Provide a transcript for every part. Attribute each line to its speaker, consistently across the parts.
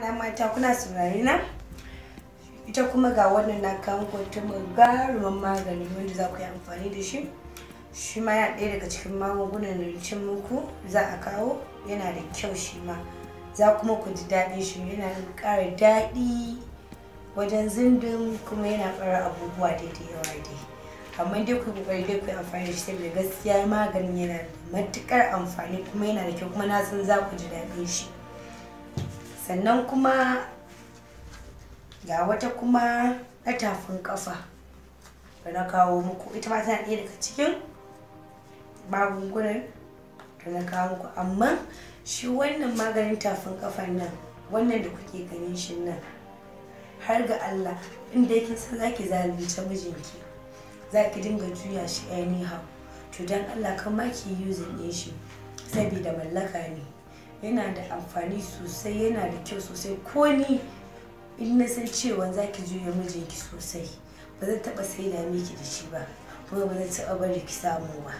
Speaker 1: kwana mata kuna saurare na ita kuma ga wannan na kawo kwanta garuman magani wanda za ku yi amfani da shi shi ma ya ɗaya daga cikin magungunan rancin muku za a kawo yana da kyau shi ma za kuma ku ji daɗin shi yana ƙara daɗi wajen zindin kuma yana ƙara abubuwa daidai yawa dai amma dai ku kokari dai ku amfani da shi saboda gaskiya maganin yana da matuƙar amfani kuma yana da kyau kuma na san za ku ji daɗin shi sannan kuma ga wata kuma na tafin kafa da na kawo muku ita ma tana ɗaya daga cikin magungunan da na kawo muku amma shi wannan maganin tafin kafa nan wannan da kuke ganin shi nan har ga Allah inda yake san zaki zalunce mijinki zaki dinga juya shi anyhow to dan Allah kan ma ki using din shi saboda mallaka ne yana da amfani sosai yana da kyau sosai ko ni in na san cewa za ki juya mijinki sosai ba zan taɓa sai da miki da shi ba kuma ba zan taɓa bari ki samu ba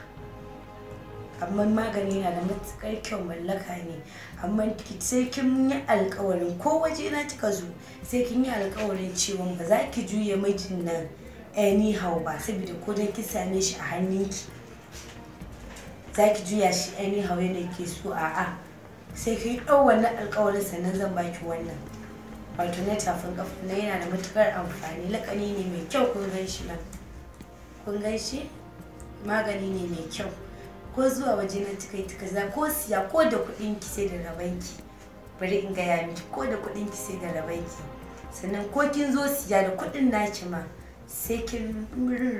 Speaker 1: amma magani yana da matuƙar kyau mallaka ne amma sai kin yi alƙawarin ko waje na kika zo sai kin yi alƙawarin cewa ba za ki juya mijin nan anyhow ba saboda ko dan kin same shi a hannunki za ki juya shi anyhow yana ke so a'a sai yi ɗau wannan alƙawarin sannan zan baki wannan wato na tafin kafa na yana da matukar amfani lakani ne mai kyau kun gan shi nan kun gan shi magani ne mai kyau ko zuwa waje na tukai tuka za ko siya ko da kuɗin ki sai da rabanki bari in gaya miki ko da kuɗin ki sai da rabanki sannan ko kin zo siya da kuɗin naki ma sai kin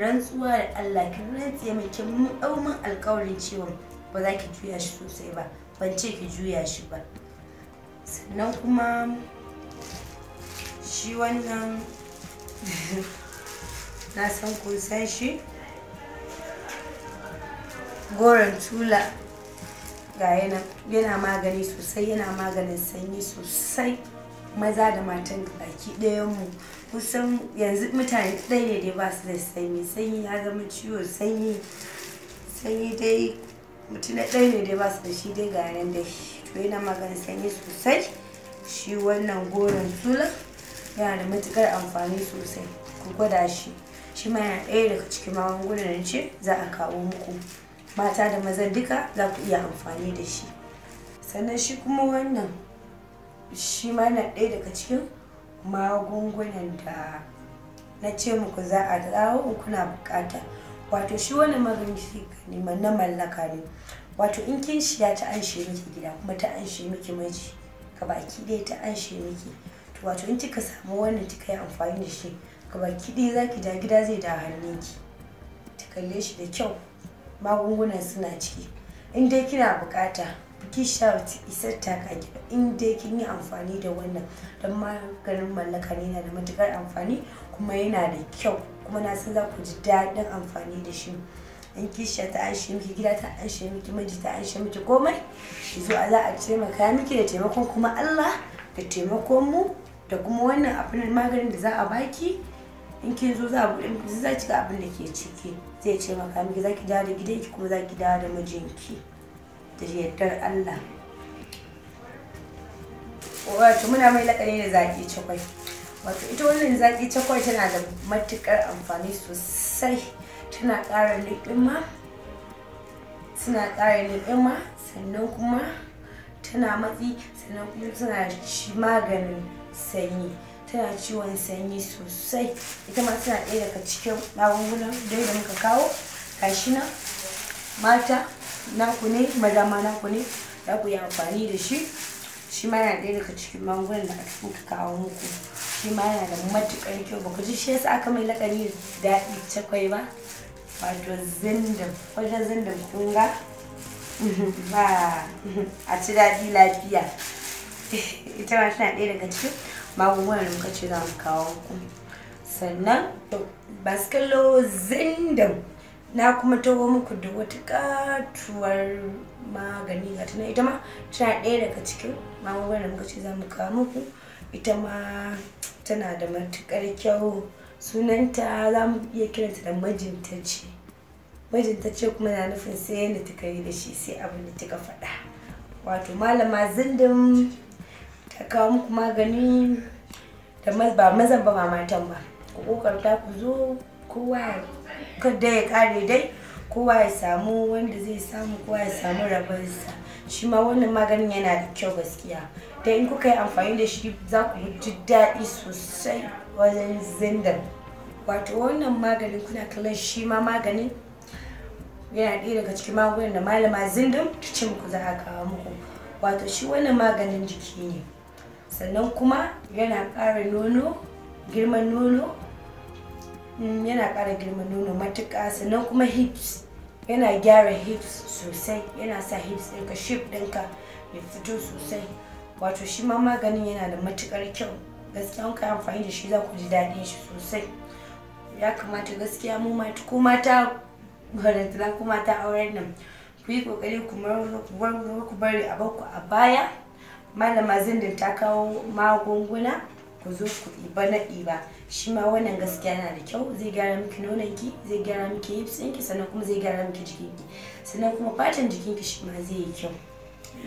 Speaker 1: rantsuwa da Allah kin rantsiya mai kin mun alƙawarin cewa ba za ki juya shi sosai ba ban ce ki juya shi ba sannan kuma shi wannan na san kun san shi goron tula ga yana yana magani sosai yana maganin sanyi sosai maza da matan baki ɗayanmu kusan yanzu mutane ɗaya ne dai ba su da sanyi sanyi ya zama ciwo sanyi sanyi dai mutum ɗaya ne dai ba su da shi dai ga yanan dai to yana maganin sanyi sosai shi wannan goron tula yana da matukar amfani sosai ku gwada shi shi ma yana ɗaya daga cikin magungunan ce za a kawo muku mata da mazan duka za ku iya amfani da shi sannan shi kuma wannan shi ma yana ɗaya daga cikin magungunan da na ce muku za a dawo in kuna bukata wato shi wani magani na mallaka ne wato in kin shiga ta an shi miki gida kuma ta an shi miki miji ka baki dai ta an shi miki to wato in kika samu wannan kika yi amfani da shi ka baki dai za ki ja gida zai da ki ta kalle shi da kyau magungunan suna ciki in dai kina bukata ki sha isar ta kaki in dai kin yi amfani da wannan don maganin mallaka ne na da matukar amfani kuma yana da kyau kuma na san za ku ji daɗin amfani da shi in kishiya ta an miki gida ta an miki miji ta an miki komai zo a za a taimaka miki da taimakon kuma Allah da taimakon mu da kuma wannan abin maganin da za a baki in kin zo za a buɗe miki za ki ga abin da ke ciki zai taimaka miki za ki dawo da gidanki kuma za ki dawo da mijinki da yardar Allah wato muna mai lakani da zaki cikwai wato ita wannan zaƙi cakwai tana da matuƙar amfani sosai tana ƙara liƙima tana ƙara liƙima sannan kuma tana matsi sannan kuma tana ci maganin sanyi tana ciwon sanyi sosai ita ma tana ɗaya daga cikin magungunan da da muka kawo kashi na mata naku ne maza ma naku ne za ku yi amfani da shi shi ma yana ɗaya daga cikin magungunan da aka kawo muku shi ma yana da matukar kyau ba ku ji shi yasa aka mai lakani daɗi cakwai ba wato zindin wajen zindin kun ga ba a ci daɗi lafiya ita ma tana ɗaya daga cikin magungunan za mu kawo ku sannan masu zindin na kuma taho muku da wata katuwar magani ga tana ita ma tana ɗaya daga cikin magungunan za mu kawo muku ita ma tana da matukar kyau sunanta za mu iya kiranta da majinta majintace kuma na nufin sai yadda ta yi da shi sai abin da ka faɗa wato malama zindin ta kawo muku magani da ba mazan ba ba matan ba ku kokarta ku zo kowa kada ya kare dai kowa ya samu wanda zai samu kowa ya samu rabansa shi ma wannan maganin yana da kyau gaskiya ta in kuka yi amfani da shi za ku ji daɗi sosai wajen zindan wato wannan maganin kuna kallon shi ma maganin yana ɗaya daga cikin magunan da malama zindan ta ce muku za a kawo muku wato shi wannan maganin jiki ne sannan kuma yana ƙara nono girman nono Mm, yana ƙara girman nono matuƙa sannan kuma hips yana gyara hips sosai yana sa hips ɗinka shape ɗinka ya fito sosai wato shi ma maganin yana da matuƙar kyau gaskiya ka amfani da shi za ku ji daɗin shi sosai ya kamata gaskiya mu mata ko mata barantana ko mata auren nan ku yi ƙoƙari ku bari a bakku a baya malama zindin ta kawo magunguna ku zo ku ɗiba na ɗiba shi ma wannan gaskiya yana da kyau zai gyara miki nononki zai gyara miki hips ɗinki sannan kuma zai gyara miki jikinki sannan kuma fatan jikinki shi ma zai yi kyau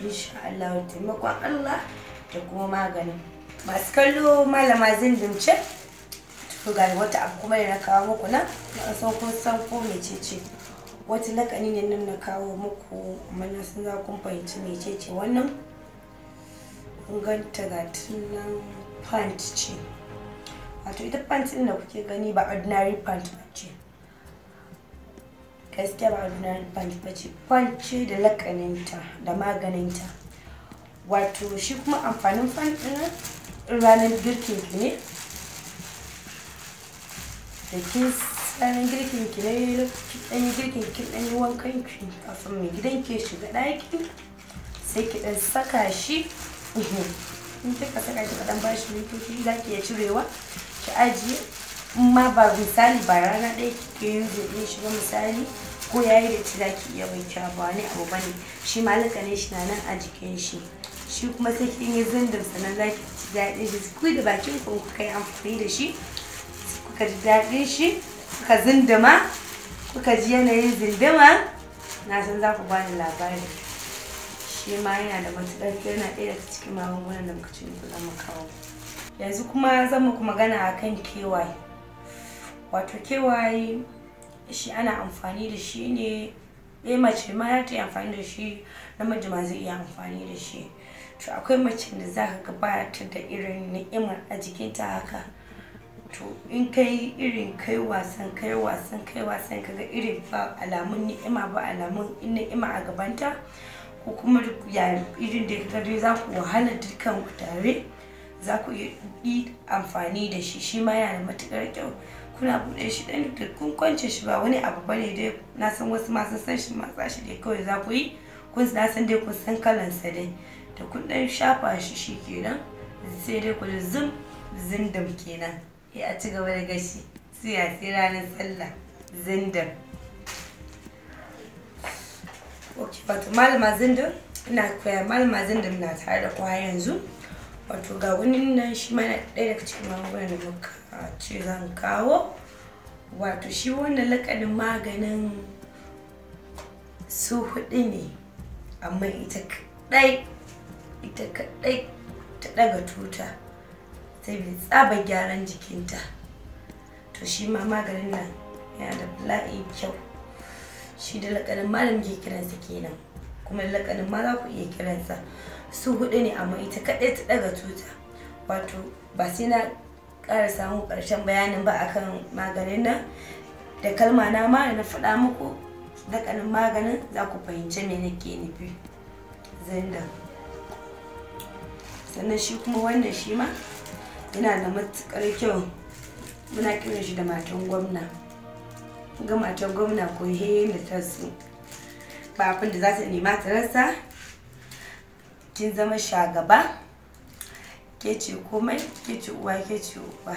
Speaker 1: insha Allah taimakon Allah da kuma maganin masu kallo malama zindin ce to ga wata abu kuma da na kawo muku na, na san kun san ko mecece wata lakani ne nan na kawo muku amma na san za kun fahimci mecece wannan kun ganta ga nan pant ce wato ita pant ɗin da kuke gani ba ordinary pant ba ce gaskiya ba ordinary pant ba ce pant ce da lakaninta da maganinta wato shi kuma amfanin pant ɗin ranar girkin ki ne da kin ranar girkin ki ne ɗan yi girkin ki ɗan yi wankan ki kafin mai gidan ke shiga ɗaki sai ki ɗan saka shi in kika saka shi kaɗan ba shi mintoci za ki iya cirewa ki ajiye ma ba misali ba rana ɗaya kike yin zuɗe shi ba misali ko yayi da ci za ki iya wanke ba wani abu ba ne shi ma ne shi na nan a jikin shi shi kuma sai ki yi zindin sannan za ki ci daɗin shi ku da bakin ku kuka yi amfani da shi kuka ji daɗin shi kuka zindima kuka ji yanayin zindima na san za ku bani labari shi ma yana da matuƙar yana ɗaya daga cikin magungunan da muka ce muku za mu kawo yanzu kuma zan muku magana akan kewaye wato kewaye shi ana amfani da shi ne ɗaya eh, mace ma za ta yi amfani da shi namiji ma zai iya amfani da shi to akwai mace da za ka gabatar da irin ni'imar a jikinta haka to in kai irin kai wasan kai wasan kai wasan kaga irin ba alamun ni'ima ba alamun ni'ima a gabanta ko kuma duk yayin irin da ta dai za ku wahala dukkan ku tare za ku yi amfani da shi shi ma yana matukar kyau kuna buɗe shi ɗan da kun kwance shi ba wani abu bane dai na san wasu masu san shi matsa shi dai kawai za ku yi kun na san dai kun san kalan sa dai da kun ɗan shafa shi shi kenan sai dai ku zum zindam kenan ya ci gaba da gashi sai ya sai ranar sallah zindam wato malama zindin ina koya malama zindin na tare da kwa yanzu wato ga wani nan shi mana ɗaya daga cikin magungunan da muka ah, ce zan kawo wato shi wannan lakanin maganin su hudu ne amma ita kaɗai ita kaɗai ta ɗaga tuta saboda tsaba gyaran jikinta to shi ma maganin nan yana da bala'in kyau shi da lakanin malam ke kiransa kenan kuma da lakanin ma za ku iya kiransa su hudu ne amma ita kaɗai ta daga tuta wato ba sai na ƙara samun ƙarshen bayanin ba akan maganin nan da kalma na ma na faɗa muku lakanin maganin za ku fahimci me nake nufi zinda sannan shi kuma wannan shi ma yana da matukar kyau muna kiran shi da matan gwamna ga gwamna ko hela ta su ba abin da za ta nema ta rasa kin zama shagaba ke ce komai ke ce uwa ke ce uba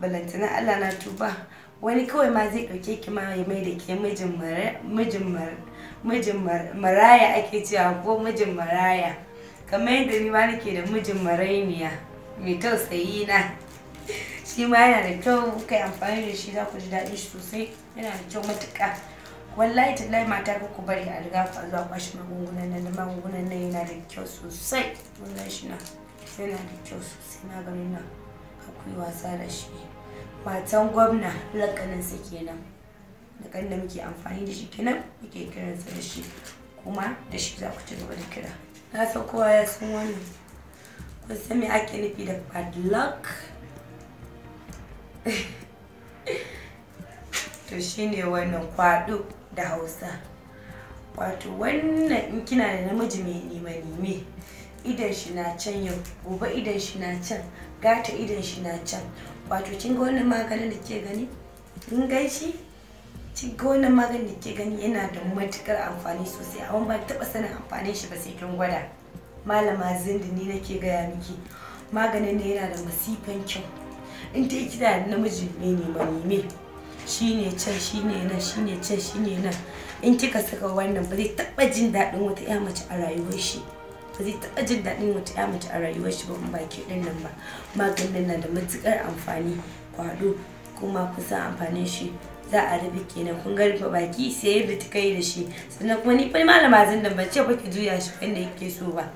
Speaker 1: balantana allah na tuba wani kawai ma zai ɗauke ki ma ya mai da ke mijin maraya ake cewa ko mijin maraya kamar yadda ni ma nake da mijin marainiya mai tausayi na shi ma yana da kyau kai amfani da shi za ku ji daɗi sosai yana da kyau matuƙa wallahi tallahi mata ku ku bari a riga ku zuwa kwashi magungunan nan da magungunan nan yana da kyau sosai wallahi shi na yana da kyau sosai gani na akwai wasa da shi matan gwamna lakanin sa kenan lakan da muke amfani da shi kenan muke kiransa da shi kuma da shi za ku ci gaba da kira na san kowa ya san wannan kun san me ake nufi da padlock to shine wannan kwaɗo da hausa wato wannan in kina da namiji mai nima nime idan shi na can yau gobe idan shi na can gata idan shi na can wato kin ga wannan maganin da ke gani kin shi, kin ga wannan maganin da ke gani yana da matukar amfani sosai amma ban taba sanin amfanin shi ba sai kin gwada malama zindi ne nake gaya miki maganin ne yana da masifan kyau in dai kida namiji ne ne shi shine can shine nan shine can shine nan in kika saka wannan ba zai taba jin daɗin wata ya mace a rayuwar shi ba zai taba jin daɗin wata ya mace a rayuwar shi ba in ba ke ɗin nan ba maganin na da matukar amfani kwado kuma kusan amfanin shi za a rufe kenan kun ga rufe baki sai yadda ta kai da shi sannan kuma ni fa malama zan da ce ba ki juya shi inda yake so ba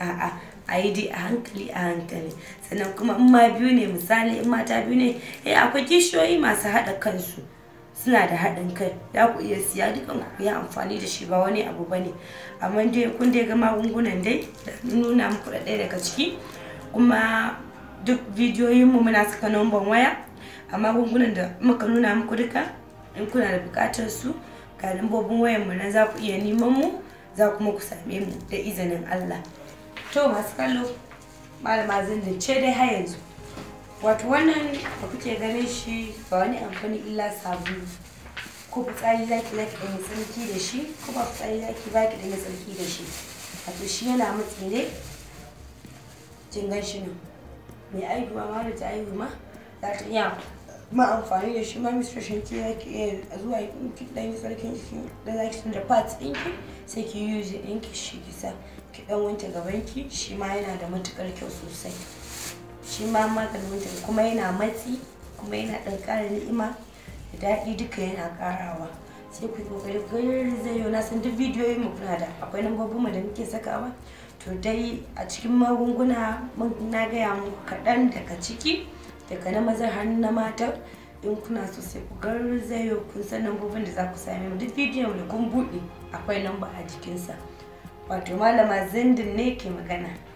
Speaker 1: a'a a a hankali a hankali sannan kuma in ma biyu ne misali in mata biyu ne eh akwai kishiyoyi masu haɗa kansu suna da haɗin kai za ku iya siya dukan ku yi amfani da shi ba wani abu ba ne amma dai kun dai ga magungunan dai da nuna muku da ɗaya daga ciki kuma duk bidiyoyinmu muna saka namban waya a magungunan da muka nuna muku duka in kuna da buƙatar su ga lambobin wayanmu nan za ku iya neman mu za kuma ku same mu da izinin Allah. to masu kallo malama da ce dai har yanzu wato wannan da kuke ganin shi ba wani amfani illa sabulu ko fitsari zaki zaki ɗanyi tsarki da shi ko ba fitsari zaki zaki ɗanyi tsarki da shi wato shi yana matsi ne jin gan shi nan mai aihuwa ma da ta aihu ma za ta iya kuma amfani da shi ma mr ki ya a zuwa ki dan yi sarkin shi da za ki da parts sai ki yi uzi ki shi kisa ki dan wanke gabanki shi ma yana da matukar kyau sosai shi ma maganin wanke kuma yana matsi kuma yana ɗan ƙara ni'ima da daɗi duka yana ƙarawa sai ku yi kokari gari zai yi na san duk bidiyoyin mu kuna da akwai lambobin mu da muke sakawa to dai a cikin magunguna na gaya muku kaɗan daga ciki daga na maza hannu na mata in kuna so sai ku garzayo kun san lambobin da za ku same mu duk bidiyon da kun buɗe akwai lamba a jikinsa wato malama zindin ne ke magana